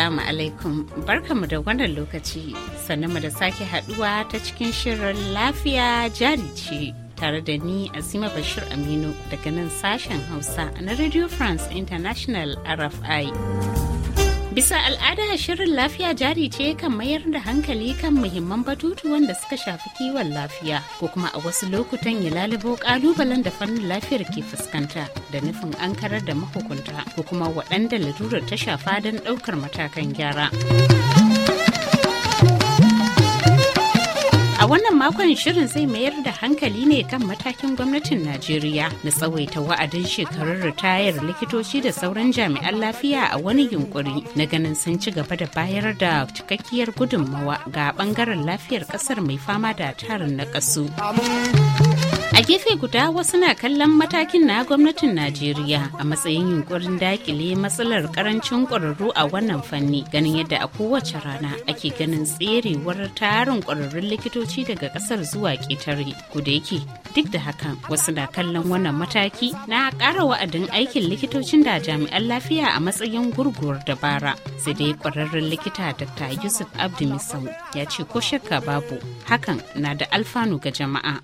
Assalamu alaikum barkamu da wannan lokaci mu da sake haduwa ta cikin shirin lafiya jari ce tare da ni asima Bashir Aminu daga nan sashen Hausa na Radio France International RFI. Bisa al'ada shirin lafiya jari ce kan mayar da hankali kan muhimman batutuwan da suka shafi kiwon lafiya ko kuma a wasu lokutan ya lalubo kalubalen da fannin lafiyar ke fuskanta da nufin ankarar da mahukunta ko kuma waɗanda larurar ta shafa don ɗaukar matakan gyara. A wannan makon shirin zai mayar da hankali ne kan matakin gwamnatin Najeriya na tsawaita wa'adin shekarun ritayar likitoci da sauran jami'an lafiya a wani yunkuri na ganin sun ci gaba da bayar da cikakkiyar gudunmawa ga bangaren lafiyar kasar mai fama da tarin na A gefe guda wasu na kallon matakin na gwamnatin Najeriya a matsayin yunkurin dakile matsalar karancin ƙwararru a wannan fanni ganin yadda a kowace rana ake ganin tserewar tarin ƙwararrun likitoci daga ƙasar zuwa ƙetare. guda yake duk da hakan wasu na kallon wannan mataki na ƙara wa'adin aikin likitocin da jami'an lafiya a matsayin gurguwar dabara. Sai dai ƙwararren likita Dr. Yusuf Abdu Misau ya ce ko shakka babu hakan na da alfanu ga jama'a.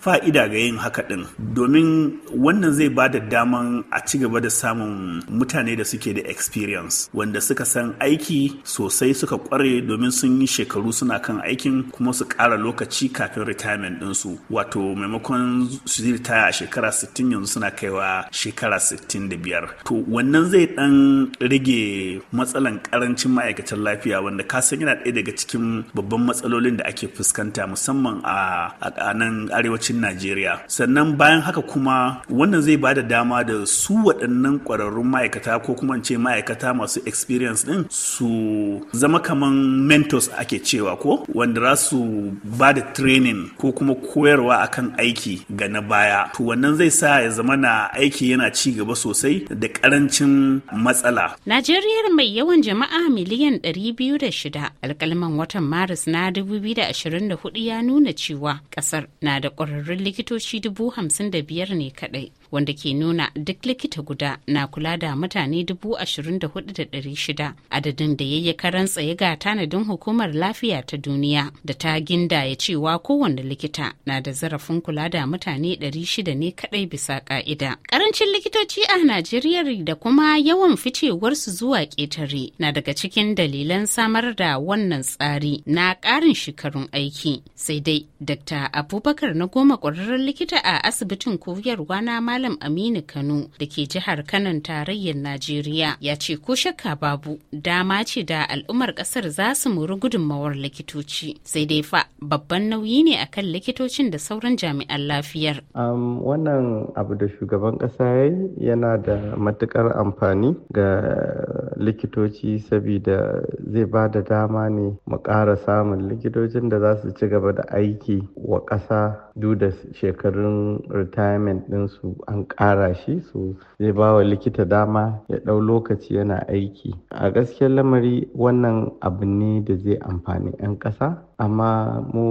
fa'ida ga yin haka ɗin domin wannan zai ba da daman a ci gaba da samun mutane da suke da experience wanda suka san aiki sosai suka ƙware domin sun yi shekaru suna kan aikin kuma su ƙara lokaci kafin retirement ɗinsu wato maimakon su yi ritaya a shekara 60 yanzu suna kaiwa shekara 65 to wannan zai ɗan rage matsalan ƙarancin ma'aikatan lafiya wanda ka san yana ɗaya daga cikin babban matsalolin da ake fuskanta musamman a nan arewacin arewacin Najeriya. Sannan bayan haka kuma wannan zai ba da dama da su waɗannan ƙwararrun ma'aikata ko kuma ce ma'aikata masu experience ɗin su zama kaman mentors ake cewa ko wanda za su ba da training ko kuma koyarwa akan aiki ga na baya. To wannan zai sa ya zama na aiki yana ci gaba sosai da karancin matsala. Najeriya mai yawan jama'a miliyan ɗari biyu da shida alƙalman watan Maris na 2024 ya nuna cewa ƙasar na da ƙwararrun kwararrun likitoci dubu hamsin da biyar ne kadai wanda ke nuna duk likita guda na kula da mutane dubu adadin da ya karan tsaye ga tanadin hukumar lafiya ta duniya da ta ginda ya cewa kowane likita na da zarafin kula da mutane ɗari shida ne kadai bisa ƙa'ida. Karancin likitoci a Najeriya da kuma yawan ficewarsu zuwa ƙetare na daga cikin dalilan samar da wannan tsari na ƙarin shekarun aiki. Sai dai Dr. Abubakar na goma ƙwararren likita a asibitin koyarwa na Malam Aminu Kano da ke jihar Kanon tarayyar Najeriya ya ce ko shakka babu dama ce da al'ummar kasar za su muri gudunmawar likitoci sai dai fa babban nauyi ne akan likitocin da sauran jami'an lafiyar. Um, wannan abu da shugaban kasa ya yana da matukar amfani ga likitoci sabida zai ba da dama ne mu kara samun likitocin da za su ci gaba da aiki wa kasa. duk da shekarun retirement ɗinsu an ƙara shi su. zai ba wa likita dama ya ɗau lokaci yana aiki a gaskiyar lamari wannan abu ne da zai amfani 'yan ƙasa amma mu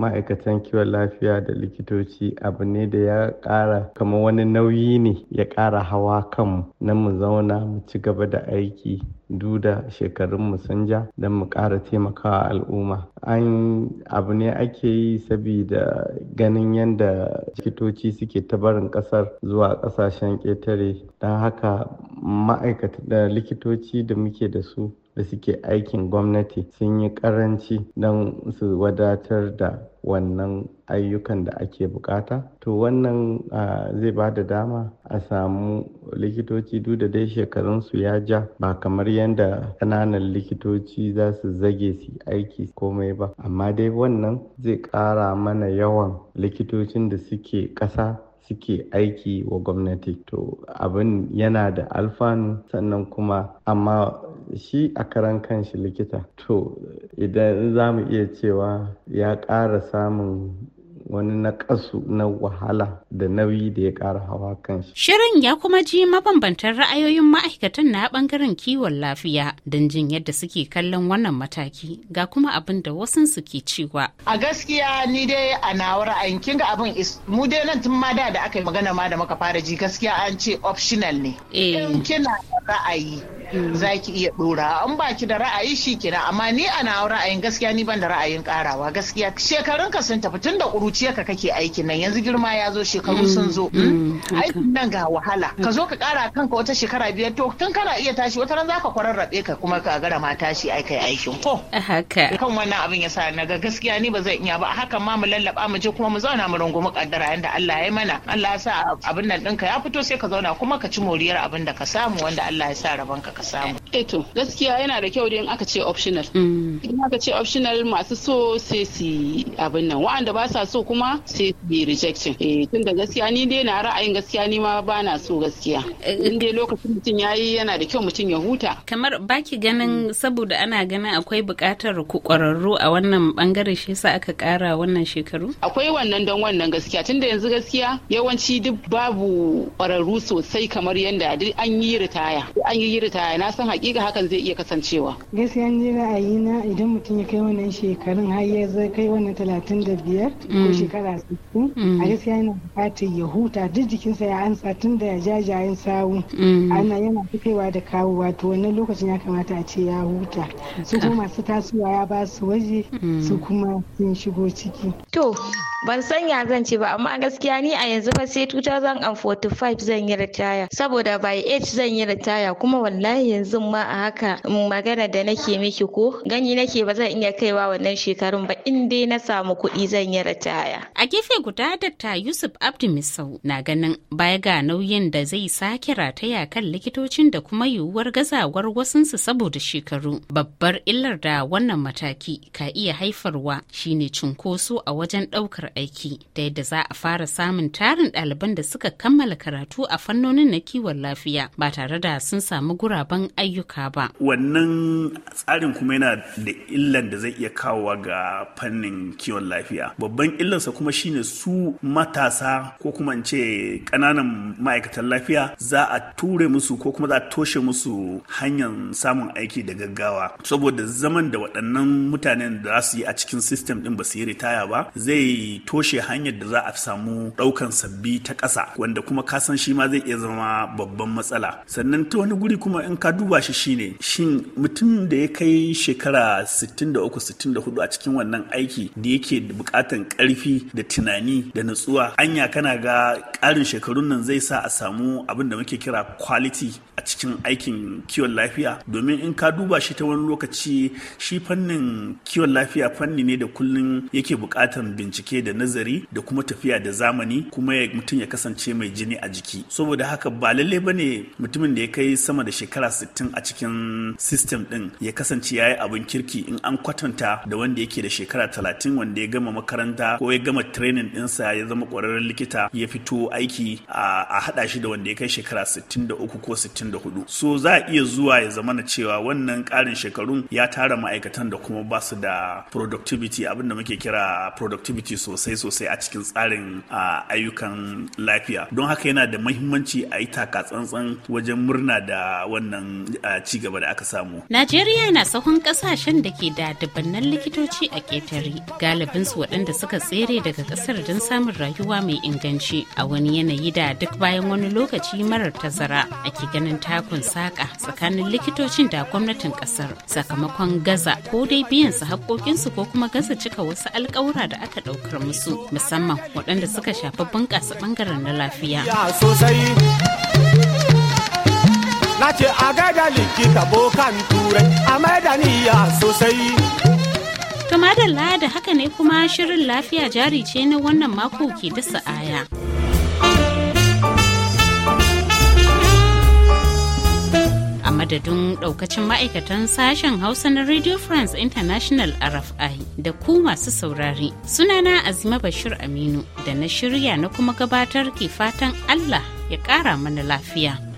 ma'aikatan kiwon lafiya da likitoci abu ne da ya ƙara kama wani nauyi ne ya ƙara hawa kanmu na mu zauna mu ci gaba da aiki duda shekarun mu sun don mu ƙara taimakawa al'umma an abu ne ake yi saboda ganin yadda likitoci suke ta barin ƙasar zuwa ƙasashen ƙetare don haka ma'aikata da likitoci da muke da su da suke aikin gwamnati sun yi karanci don su wadatar da wannan ayyukan da ake bukata to wannan zai ba da dama a samu likitoci duk da dai shekarunsu ya ja ba kamar yadda ƙananan likitoci za su zage su aiki komai ba amma dai wannan zai ƙara mana yawan likitocin da suke ƙasa suke aiki wa gwamnati to abin yana da alfanu sannan kuma amma shi a karan kanshi likita to idan za mu iya cewa ya ƙara samun wani nakasu na wahala da nauyi da ya ƙara hawa shi. Shirin ya kuma ji mabambantan ra'ayoyin ma'aikatan na bangaren kiwon lafiya don jin yadda suke kallon wannan mataki ga kuma abin da wasun suke cewa. A gaskiya ni dai a nawa ra'ayin kin ga abin mu dai nan tun ma da da aka yi magana ma da muka fara ji gaskiya an ce optional ne. Eh. In kina ra'ayi mm. za ki iya dora an ba da ra'ayi shi kenan amma ni a nawa ra'ayin gaskiya ni ban da ra'ayin karawa gaskiya shekarun ka sun tafi tun da ƙuruci zuciyar ka kake aikin nan yanzu girma ya zo shekaru mm, sun zo mm, hmm? mm, aikin nan ga wahala ka zo ka kara kanka wata shekara biyar to tun kana iya tashi wata ran zaka kwararrabe ka kuma ka gara ma tashi ai kai aikin ko haka kan wannan abin ya na ga gaskiya ni ba zan iya ba haka ma mu lallaba mu je kuma mu zauna mu rungumi kaddara yanda Allah ya mana Allah ya sa abin nan ɗinka ya fito sai ka zauna kuma ka ci moriyar abin da ka samu wanda Allah ya sa rabon ka ka samu eh to gaskiya yana da kyau in aka ce optional in aka ce optional masu so sai su abin nan wa'anda ba sa so kuma sai yi rejection eh tun gaskiya ni dai na ra'ayin gaskiya ni ma ba na so gaskiya eh, in dai lokacin mutum yayi yana da kyau mutum ya huta kamar baki ganin saboda ana ganin akwai buƙatar ku ƙwararru a wannan bangare shi yasa aka ƙara wannan shekaru akwai wannan don wannan gaskiya tunda yanzu gaskiya yawanci duk babu ƙwararru sosai kamar yadda duk an yi ritaya an yi ritaya na san hakika hakan zai iya kasancewa gaskiya ni ra'ayi na idan mutum ya kai wannan shekarun har ya kai wannan talatin da biyar shekara 60 a mm. gaskiya yana bukata ya huta duk jikinsa ya ansa tun da jajayen sawu mm. ana yana fitowa da kawowa wato wannan lokacin ya kamata a ce ya huta su kuma masu tasowa ya ba su waje mm. su kuma sun shigo ciki to ban san ya zan ce ba amma gaskiya ni a yanzu fa sai 2045 zan yi ritaya saboda by age zan yi ritaya kuma wallahi yanzu ma a haka magana da nake miki ko gani nake ba zan iya kaiwa wannan shekarun ba in dai na samu kuɗi zan yi ritaya a gefe guda dakta yusuf abdu misau na ganin baya ga nauyin da zai sake rataya kan likitocin da kuma yiwuwar gazawar wasunsu saboda shekaru babbar illar da wannan mataki ka iya haifarwa shine cunkoso a wajen ɗaukar aiki ta yadda za a fara samun tarin ɗaliban da suka kammala karatu a fannonin na kiwon lafiya ba tare da sun samu guraben ayyuka ba. Wannan tsarin kuma yana da illan da zai iya kawowa ga fannin kiwon lafiya. Babban illansa kuma shine su matasa ko kuma in ce ƙananan ma'aikatan lafiya za a ture musu ko kuma za a toshe musu hanyar samun aiki da gaggawa. Saboda zaman da waɗannan mutanen da za su yi a cikin sistem ɗin ba su yi ritaya ba zai toshe hanyar da za a samu ɗaukan sabbi ta ƙasa wanda kuma ka san shi ma zai iya zama babban matsala sannan ta wani guri kuma in ka duba shi shine shin mutum da ya kai shekara 63-64 a cikin wannan aiki da yake buƙatan ƙarfi da tunani da natsuwa anya kana ga ƙarin shekarun nan zai sa a samu abin da muke kira quality a cikin aikin kiwon lafiya domin in ka duba shi ta wani lokaci shi fannin kiwon lafiya fanni ne da kullum yake buƙatan bincike da da nazari da kuma tafiya da zamani kuma ya mutum ya kasance mai jini a jiki saboda haka ba lalle ba ne mutumin da ya kai sama da shekara 60 a cikin system din ya kasance yayi yi abin kirki in an kwatanta da wanda yake da shekara 30 wanda ya gama makaranta ko ya gama training dinsa ya zama kwararren likita ya fito aiki a haɗa shi da wanda ya kai shekara 63 ko 64 so za a iya zuwa ya zama na cewa wannan karin shekarun ya tara ma'aikatan da kuma ba su da productivity abin da muke kira productivity sosai sosai sosai a cikin tsarin ayyukan lafiya don haka yana da mahimmanci a yi taka tsantsan wajen murna da wannan ci gaba da aka samu najeriya na sahun kasashen da ke da dubannan likitoci a ƙetare galibin su waɗanda suka tsere daga ƙasar don samun rayuwa mai inganci a wani yanayi da duk bayan wani lokaci marar tazara ake ganin takun saƙa tsakanin likitocin da gwamnatin ƙasar sakamakon gaza ko dai biyan su haƙoƙinsu ko kuma gaza cika wasu alƙawura da aka ɗaukar musu musamman waɗanda suka shafi bunƙasa ɓangaren na lafiya. Na ce a gaida likita bokan turai a sosai. To madalla da haka ne kuma shirin lafiya jari ce na wannan mako ke dasa aya. madadin daukacin ma'aikatan sashen hausa na radio france international rfi da ku masu saurari sunana azima bashir aminu da na shirya na kuma gabatar ke fatan allah ya kara mana lafiya.